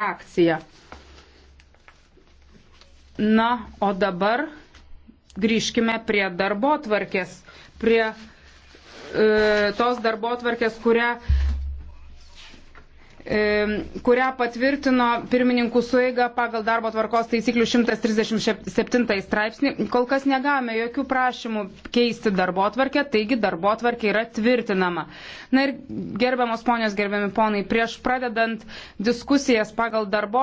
reakcija. Na, o dabar grįžkime prie darbo tvarkės, prie e, tos darbo tvarkės, kurią E, kurią patvirtino pirmininkų sueiga pagal darbo tvarkos taisyklių 137 straipsnį. Kol kas negavome jokių prašymų keisti darbo tvarkę, taigi darbo tvarkė yra tvirtinama. Na ir gerbiamos ponios, gerbiami ponai, prieš pradedant diskusijas pagal darbo